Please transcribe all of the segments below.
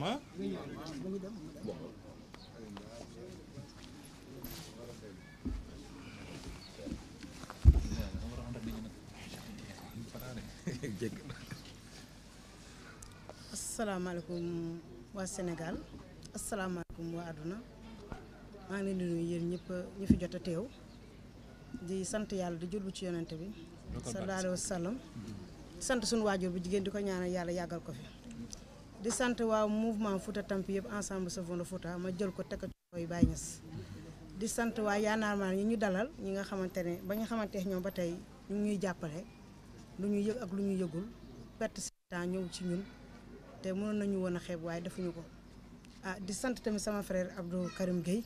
ah asalaamaaleykum waa Sénégal asalaamaaleykum waa àdduna maa ngi leen di nuyu ñu fi jot a teew di sant yàlla di julbu ci yonente bi sallallahu alayhi wa sallam sant suñu waajur bu jigéen di ko ñaan yàlla yàggal ko fi di sant waaw mouvement Fouta Tampi yëpp ensemble Sauvons le Fouta ma jël ko teg ko ci Baye Niass di sant waa Y'en a marre ñi ñu dalal ñi nga xamante ne ba ñu xamante ñoom ba tey ñu ngi ñuy jàppale lu ñu yëg ak lu ñu yëgul perte si temps ñëw ci ñun te mënoon nañu woon a xeeb waaye defuñu ko ah di sant tamit sama frère Abdou Karim Gueye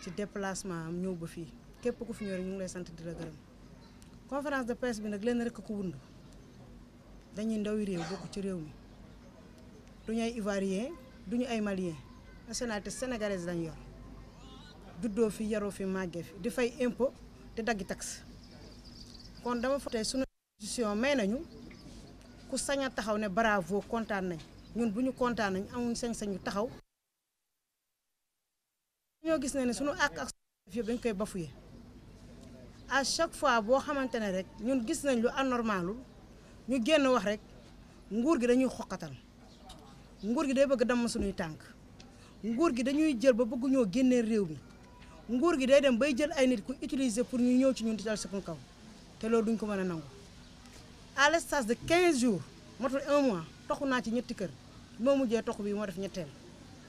ci déplacement am ñëw ba fii képp ku fi ñëw rek ñu ngi lay sant di la gërëm conférence de presse bi nag leen rek ko wund dañuy ndawi réew bokk ci réew mi duñu ay ivoirien duñu ay malien nationalité sénégalaise lañ yor juddoo fi yaroo fi màggee fi di fay impôt di daggi taxe kon dama fa tey sunu institution may nañu ku sañ a taxaw ne bravo kontaan nañ ñun bu kontaan nañ amuñ sañ-sañ ñu taxaw ñoo gis ne ne sunu àq ak yëpp dañ koy bafoué à chaque fois boo xamante ne rek ñun gis nañ lu anormalul ñu génn wax rek nguur gi dañuy xoqatal nguur gi day bëgg damm suñuy tànk nguur gi dañuy jël ba bëgg ñoo génnee réew mi nguur gi day dem bay jël ay nit ku utiliser pour ñu ñëw ci ñun di dal suñu kaw te loolu duñ ko mën a nangu à l'espace de 15 jours motul un mois toxu naa ci ñetti kër moo mujjee toxu bi moo def ñetteel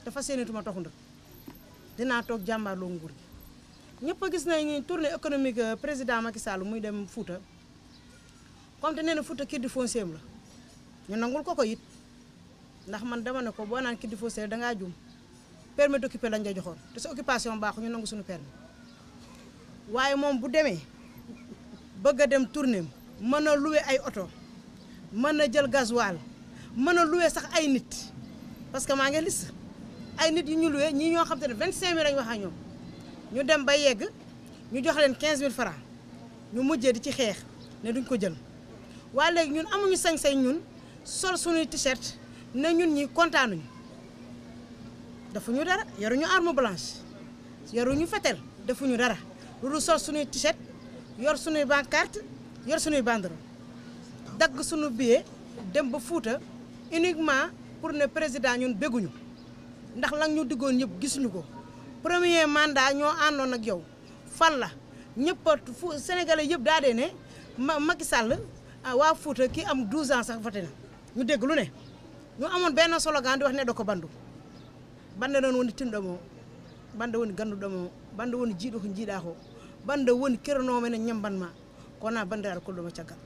dafa seenituma toxu nag dinaa toog jàmbaarloo nguur gi ñëpp a gis nañ ni tournée économique euh, président Macky Sall muy dem Fouta comme te nee na Fouta kii di foncier la ñu nangul ko it ndax man dama ne ko boo naan kii di faussaire dangaa juum permis d'occuper lañ la joxoon te sa occupation baaxu ñu nangu suñu permis waaye moom bu demee bëgg a dem tournéem mën a louer ay oto mën a jël gasoil mën a louer sax ay nit parce que maa ngi liste ay nit yu ñu louer ñii ñoo xam te ne 25000 lañ wax ak ñoom ñu dem ba yegg ñu jox leen 15000 francs ñu mujjee di ci xeex ne duñ ko jël waa léegi ñun amuñu sañ-sañ ñun sol suñuy t-shirt ne ñun ñi kontaanuñu ñu dara yaruñu arme blanche yaruñu fetel defuñu dara lu dul sol suñuy t yor suñuy pancarte yor suñuy banderole dagg sunu billet dem ba Fuuta uniquement pour ne président ñun bégguñu ndax lan ñu diggoon ñëpp gisuñu ko premier mandat ñoo àndoon ak yow fal la ñëpp fu sénégalais yëpp daa dee ne Macky Sall ah, waa Fuuta ki am 12 ans sax voté na ñu dégg lu ne ñu amoon benn slogan di wax neɗɗo ko bandu bande noon woni tinɗomo bande woni ganduɗomo bande woni jiiɗo ko jiiɗa ko bande woni keranomo ene ñambanma kono bande aɗa kolɗoma caggal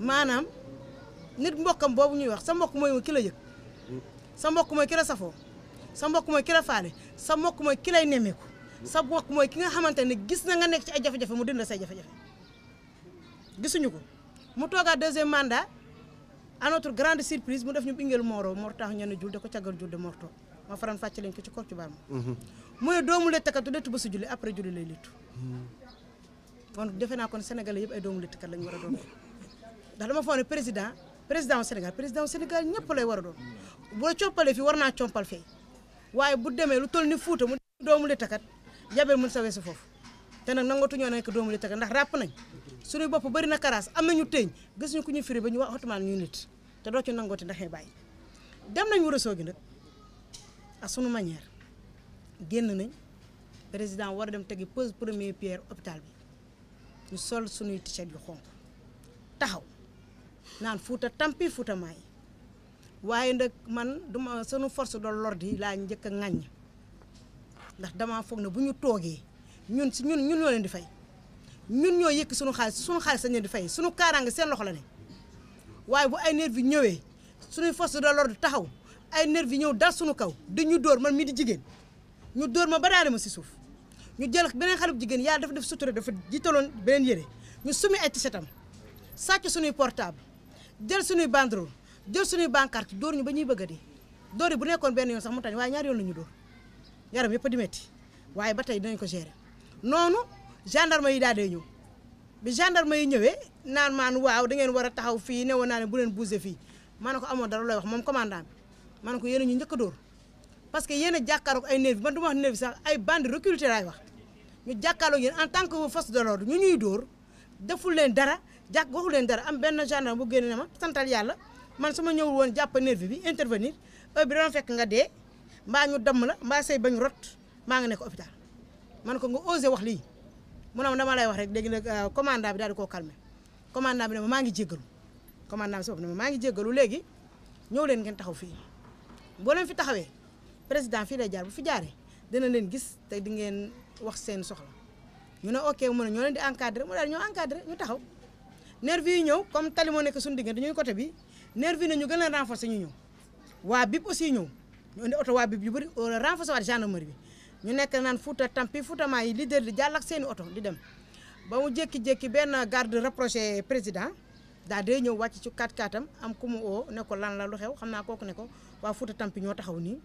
manam nit mbokkam boobu ñuy wax sa mbokk mooy ki la yëg sa mbokk mooy ki la safoo sa mbokk mooy ki la sa mbokk mooy ki lay nemmeeku sa mbokk mooy ki nga xamante ne gis na nga nekk ci ay jafe-jafe mu dindi say jafe-jafe gisuñu ko mu toogaa deuxième manda à notre grande surprise mu def ñu bingeel mooro moor taax ñenn jul da ko caggal jul de morto ma faran fàcce lañ ko ci koor ci baam mhm. mu ne doomu lettkat du lettu ba su julli après julli lay mhm. defe naa kon sénégalais yëpp ay doomu lettkat lañ war a doon ndax dama foog ne président président wu Sénégal ñëpp lay war a doon boo compale fi war naa compal fee waaye bu demee lu toll ni Fuuta mu doomu lettkat jabel mun sawee si foofu te nag nangatuñoo nekk doomu lettkat ndax rapp nañ suñu bopp bari na karaas am nañu teeñ gis ñu ku ñu firi ba ñu wax xottumaan ñu nit te doo ci nangooti ndaxee bàyyi dem nañ Ouro Sogui nag a sunu manière génn nañ président war a dem tegi pose première pierre hôpital bi ñu sol suñuy t-shirt yu taxaw naan fuuta tampi fuuta maay waaye nag man duma sunu force de l'ordre laa njëkk a ŋàññ ndax damaa foog ne bu ñu toogee ñun si ñun ñun ñoo leen di fay ñun ñoo yëkk suñu xaalis suñu xaalis sa leen di fay sunu kaaraange seen loxo la ne waaye bu ay nervi yi ñëwee suñuy force de taxaw ay nervi yi ñëw dal suñu kaw dañu dóor man mii di jigéen ñu dóor ma ba daane ma si suuf ñu jël beneen xale bu jigéen yàlla dafa def sutura dafa jiitaloon beneen yére ñu sumi ay tisetam sàcc suñuy portable jël suñuy banderole jël suñuy pancarte dóor ñu ba ñuy bëgg a dee dóor yi bu nekkoon benn yoon sax mu tañ waaye ñaari yoon ñu dóor yaram yëpp a di metti waaye ba tey dinañ ko gérer noonu gendarme yi daal day ñëw bi gendarme yi ñëwee naan maan waaw da ngeen war a taxaw fii ne woon naa ne bu leen bougé fii ma ne ko amoo dara looy wax moom commandant man ma ko yéen a ñu njëkk a parce que yéen a jàkkaaroog ay nervi man du ma wax nervi sax ay bande recruté laay wax ñu jàkkaaroog yéen en tant que force de l'ordre ñu ñuy dóor deful leen dara jàkk leen dara am benn gendarme bu génne ne ma santal yàlla man su ma woon jàpp nervi bi intervenir heure bi doon fekk nga dee mbaa ñu damm la mbaa say bañ rot maa ngi nekk hôpital man ko nga osé wax lii mu ne dama lay wax rek léegi nag euh, commandant bi daal di koo calmé commandant bi ne ma maa ngi jéggalu commandant bi si bopp ne ma maa ngi jéggalu léegi ñëw leen ngeen taxaw fii boo leen fi taxawee président fii lay jaar bu fi jaaree dina leen gis te di ngeen wax seen soxla ñu ne ok mu ne ñoo leen di encadré mu daal ñoo encadré ñu taxaw nervi yi ñëw comme tali moo nekk suñu diggante ñuy côté bi nervi yi ne ñu gën leen renforcer ñu ñëw waa bib aussi ñëw ñu indi oto waa bib yu bëri euh, renforcer waat gendarmerie bi ñu nekk naan Fouta Tampi Fouta maa yi leader di jàll ak seen oto di dem ba mu jékki-jékki benn garde rapproché président daal day ñëw wàcc ci 4-4 am am ku mu oo ne ko lan la lu xew xam naa kooku ne ko waa Fouta Tampi ñoo taxaw nii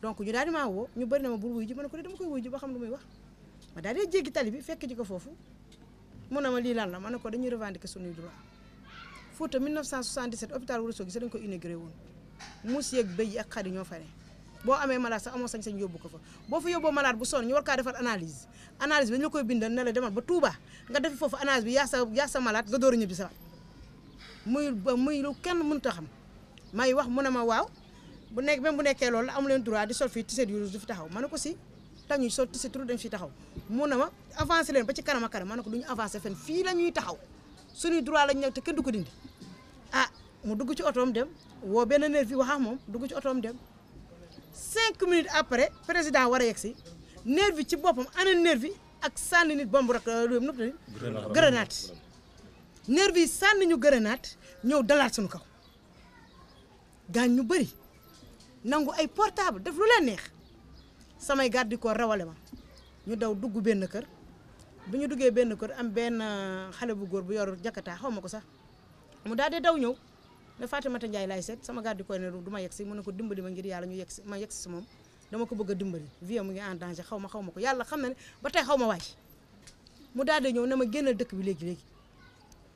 donc ñu daal di maa woo ñu bëri ma bul wuy ji ma ne ko de dama koy wuy ji ba xam lu muy wax ma daal di jéggi fekk ji ko foofu mun na ma lii lan la ma ne ko dañuy revendiquer suñuy droit Fouta 1977 hôpital Ourossogui sax dañu ko inauguré woon muus yeeg béy yi yi ñoo fa boo amee malade sax amoo sañ-sañ yóbbu ko fa boo fa yóbboo malade bu sonn ñu war kaa defar analyse analyse bi dañu koy bindal ne la demal ba Touba nga def foofu analyse bi yaa sa yaa sa nga door a ñibbi sa muy muy lu kenn mun a xam may wax mu ne ma waaw bu nekk même bu nekkee loolu la amu leen droit di sol fii tiset yu du fi taxaw ma ne ko si tañuy sol tiset tur dañ fi taxaw mu ne ma avancé leen ba ci kanam a kanam ma ne ko du ñu avancé fen fii la ñuy taxaw suñuy droit lañ nekk kenn du ko dindi ah mu dugg ci otoom dem woo benn nervi wax moom dugg ci otoom dem cinq minutes après président war a yegg si nervi ci boppam ana nervi ak sànni nit bomb rek nëpp euh, grenade nervi yi sànni ñu grenade ñëw dalaat suñu kaw gaañ ñu bëri nangu ay portable daf lu leen neex samay garde du rawale ma ñu daw dugg benn kër bu ñu duggee benn kër am benn euh, xale bu góor bu yoru jakataa xaw ma ko sax mu daal di daw ñëw ne Fatimata njaay laay seet sama garde du corps ne du ma yegsi mu ne ko dimbali ma ngir yàlla ñu yegsi ma yegsi si ko bëgg a dimbali vie mu en danger xaw ma xaw ma ko yàlla xam na ba tey xaw ma waay daal di ñëw na ma génnal dëkk bi léegi léegi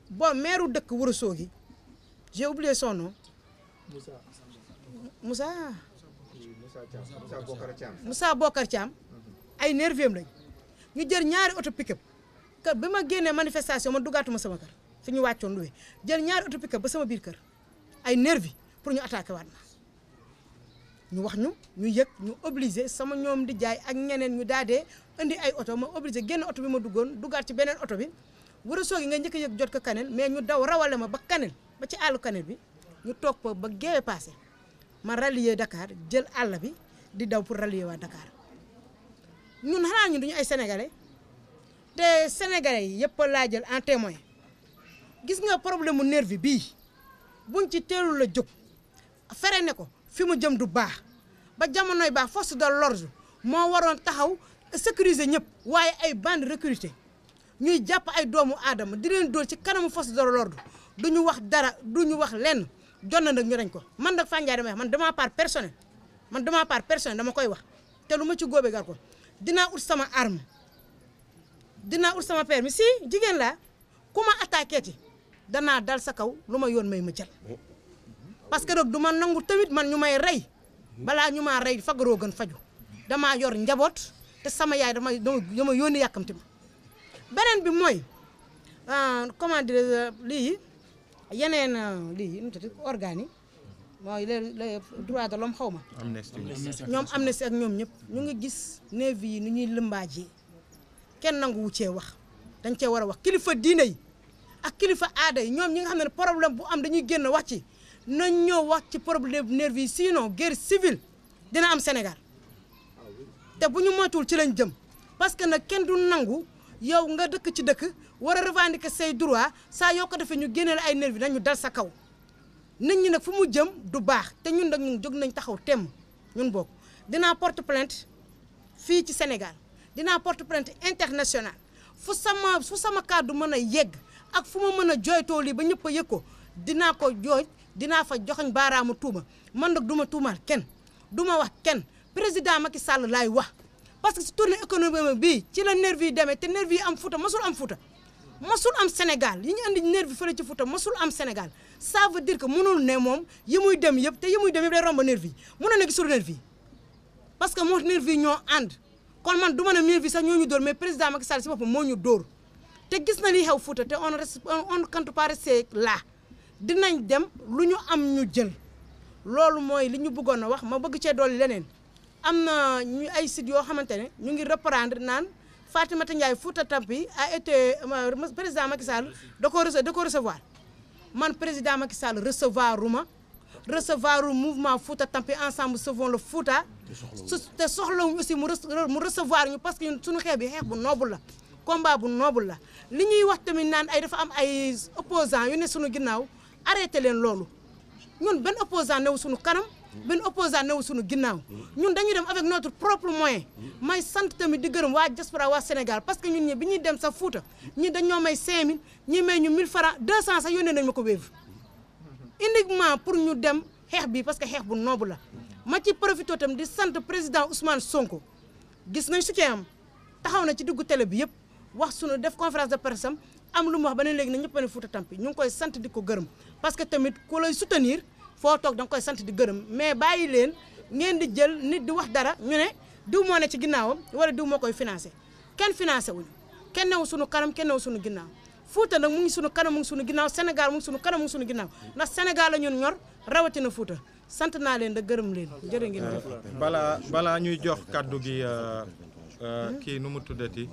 bon maire dëkk Ourossogui gi j'ai oublié son nom Moussa Moussa Moussa Bokar Thiam ay nerveux lañ ñu jël ñaari auto pick ma génnee manifestation ma dugaatuma sama kër fi ñu wàccoon luwee jël ñaari auto ba sama biir kër ay nervi pour ñu attaqué waat ma ñu wax ñu ñu yëg ñu obligé sama ñoom di jaay ak ñeneen ñu daadee indi ay oto ma obligé génn oto bi ma duggoon duggaat ci beneen oto bi war a soogi nga njëkk a yëg jot ko kanel mais ñu daw rawale ma ba kanel ba ci àllu kanel bi ñu toog ko ba géewe passé ma rallier dakaar jël àll bi di daw pour rallier waa Dakar ñu xanaa ñu duñu ay sénégalais te sénégalais yi yëpp laa jël en témoin gis nga problème mu nervi bii buñ ci teelul la jóg fere ne ko fi mu jëm du baax ba jamonoy baax force de l'ordre moo waroon taxaw sécuriser ñëpp waaye ay bande recruté ñuy jàpp ay doomu aadama di leen dóor ci kanamu force de l'ordre ñu wax dara du ñu wax lenn jonna nag ñu dañ ko man nag Fandiaye damay wax man dama part personnel man dama part personnel dama koy wax te lu ma ci góobe gar ko dinaa ut sama arm dinaa ut sama permis si jigéen laa ku ma attaqué danaa dal sa kaw lu ma yoon may ma jël parce que nag du ma nangu tamit man ñu may rey balaa ñu maa rey fagaroo gën faju dama yor njaboot te sama yaay dama dama yónni yàkkamti ma beneen bi mooy euh, comment dire euh, lii yeneen euh, lii nu mu tudd organes yi mooy de l'homme xaw ma ñoom amnistie ak ñoom ñëpp ñu ngi gis nervi yi nu ñuy lëmbaajee kenn nangu wu cee wax dañ cee war a wax kilifa diine yi ak kilifa aada yi ñoom ñi nga xam ne problème bu am dañuy génn wax ci nañ ñoo wax ci problème nervi yi sinon guerre civile dina am Sénégal te bu ñu matul ci lañ jëm parce que nag kenn du nangu yow nga dëkk ci dëkk war a revendiquer say droit saa yoo ko ñu génneel ay nervi nañu dal sa kaw nit ñi nag fu mu jëm du baax te ñun nag ñun jóg nañ taxaw temm ñun bokk dinaa porte plainte fii ci Sénégal dinaa porte plainte international fu sama fu sama kàddu mën a yegg ak fu ma mën a jooytoo lii ba ñëpp a yëg ko dinaa ko jooj dinaa fa joxañ baaraamu tuuma man nag duma ma tuumaal kenn du ma wax kenn président Macky Sall laay wax parce que si tournée économique bii ci la nervi yi demee te nervi yi am Fouta masul am Fouta masul am Sénégal yi ñu andi nervi fële ci Fouta masul am Sénégal ça veut dire que mënul ne moom yi muy dem yëpp te yi muy dem yëpp day romb nervi yi mun na nekk sur nervi yi parce que moo nervi yi ñoo ànd kon man du ma ne nervi sax ñoo ñu dóor mais moo ñu dóor te gis na ni xew Fouta te on reste on compte pas dinañ dem lu ñu am ñu jël loolu mooy li ñu buggoon a wax ma bëgg cee dolli leneen am na ñu ay sites yoo xamante ne ñu ngi reprendre naan Fatimata Ndiaye Fouta Tampi a été euh, président Macky Sall da ko da ko recevoir man président Macky Sall recevoir ruma recevoir le Fouta Tampi ensemble sauvons le Fouta. te soxla aussi mu recevoir ñu parce que ñun suñu xeex bi xeex bu noble la. combat bu noble la li ñuy wax tamit naan ay dafa am ay opposants yu ne suñu ginnaaw arrêté leen loolu ñun benn opposant newu suñu kanam benn opposant newu suñu ginnaaw ñun dañuy dem avec notre propre moyen may sant tamit di gërëm waa diaspora waa Sénégal parce que ñun ñi bi ñuy dem sa Fuuta ñi dañoo may 5000 ñi may ñu 1000 francs 200 sax yónnee nañ ma ko wéevu uniquement pour ñu dem xeex bi parce que xeex bu noobu la ma ci profité tam di sant président Ousmane Sonko gis nañ su ci am taxaw na ci diggu télé bi yëpp wax sunu def conférence de presse am am lu mu wax ba ne léegi na ñëpp a ne Fouta Tampi ñu ngi koy sant di ko gërëm parce que tamit ku lay soutenir foo toog da koy sant di gërëm mais bàyyi leen ngeen di jël nit di wax dara ñu ne diw moo ne ci ginnaawam wala diw moo koy financé kenn financé wuñu kenn newu sunu kanam kenn newu sunu ginnaaw Fouta nag mu ngi sunu kanam mu ngi sunu ginnaaw Sénégal mu ngi sunu kanam mu sunu ginnaaw ndax Sénégal la ñun ñor rawatina Fouta sant naa leen da gërëm leen jërë ngeen def balaa balaa ñuy jox kàddu gi euh, euh, kii nu mu tuddati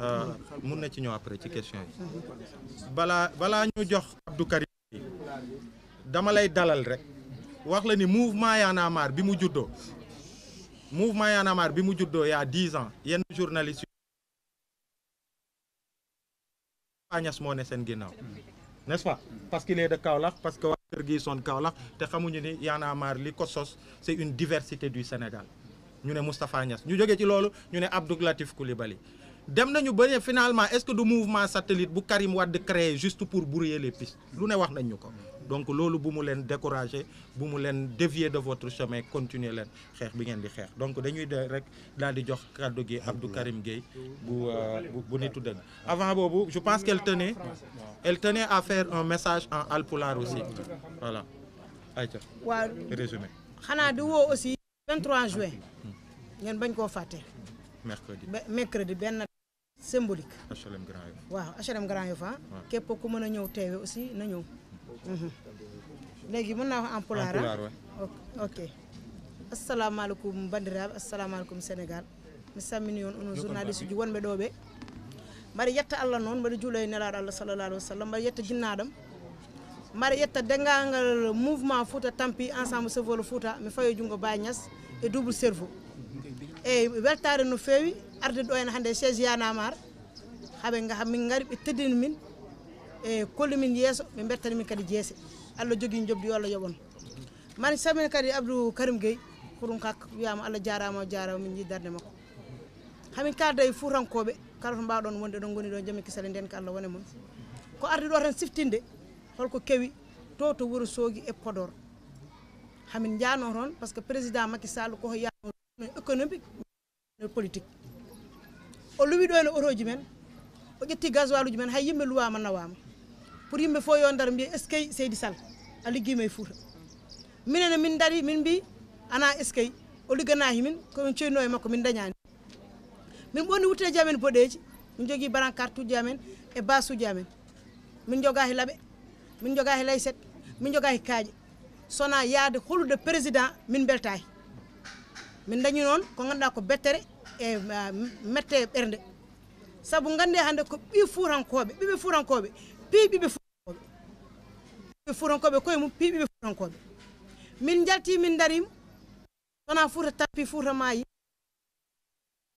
Euh, mun na ci ñëw après ci question yi balaa balaa ñu jox Abdou dama lay dalal rek wax la ni mouvement Y'en a bi mu juddoo mouvement Y'en a bi mu juddoo y'a dix ans yenn journaliste yu Agnès moo ne seen ginnaaw n'est-ce pas parce qu'il est de Kaolack parce que waa kër gi son Kaolack te xamuñu ni Y'en a marre li ko sos c'est une diversité du Sénégal ñu ne Moustapha Niass ñu jóge ci loolu ñu ne Abdou Latif Coulibaly dem nañu ba ne finalement est-ce que du mouvement satellite bu Karim Wade créé juste pour brouiller les pistes lu ne wax nañ ñu ko donc loolu bu mu leen décourager bu mu leen dévier de votre chemin continuer leen xeex bi ngeen di xeex donc dañuy de rek daal di jox kàddu gi Abdou Karim Gueye bu euh, bu nitu dëgg avant boobu je pense qu'elle tenait elle tenait à faire un message en alpulaar aussi voilà ayca résumé xanaa di woo aussi 23 juin ngeen bañ koo fàtte mercredi benn symbolique. HLM Grand Yoff waaw HLM Grand Yoff ah. mën a ñëw teewe aussi na ñëw. Mhm. léegi mën naa wax en pulaar ah. ok assalamualeykum bandiraɓe assalamualeykum sénégal mi sammini on onon journaliste uji wonɓe ɗo ɓe mbaɗa yetta allah noon mbaɗa juula e allah sallallah alih wa sallam yetta jinnaɗam mbaɗa yetta dengagal mouvement fouta tampi ensemble sevolo fouta mi fayo junggo bañas e double cerveau eyi weltare no feewi arde ɗo henna hannde sege yanamara haaɓe gaha min gaari ɓe teddini min e kolli min yeeso ɓe bettani min kadi jeese allah jogui jobdi yo allah yooɓon mani samin kadi abdou karim gueye ko ɗum kak wiyama allah jarama o jarama min jiddarde makko hamin kalda e fuutankoɓe kala to mbawɗon wonde ɗon goni ɗo joomi kisale nden ko allah wone moon ko arde ɗo tan siftinde holko kewi to to wuuro soogi e podor hamin jano toon par ce que président makky sall koko yano économique politique o luwiɗo no otoji men o ƴetti gasoiluji men hay yimɓe luwama nawama pour yimɓe fof yo dar mbiya eskey seydi sall a liggima e fouta minene min daari min mbi ana eskey o ligganaki min komin coyno e makko min dañani min ɓonni wutteji amen boɗeji min jogui barancarte uji amen e base uji min jogaki laaɓe min jogaki layset min jogaki kaaƴe sona yaade holude président min beltaki min dañi noon ko ganduɗa ko bettere e uh, mette e ɓernde saabu hande ko ɓi fuurankoɓe ɓiɓe fuurankoɓe pi ɓiɓe fuurankoɓe ɓiɓe fuurankoɓe koye mum pi ɓiɓe fuurankoɓe min jalti min darima sona fuuta tappi fuuta mayi